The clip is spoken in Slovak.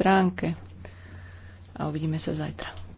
stránke. A uvidíme sa zajtra.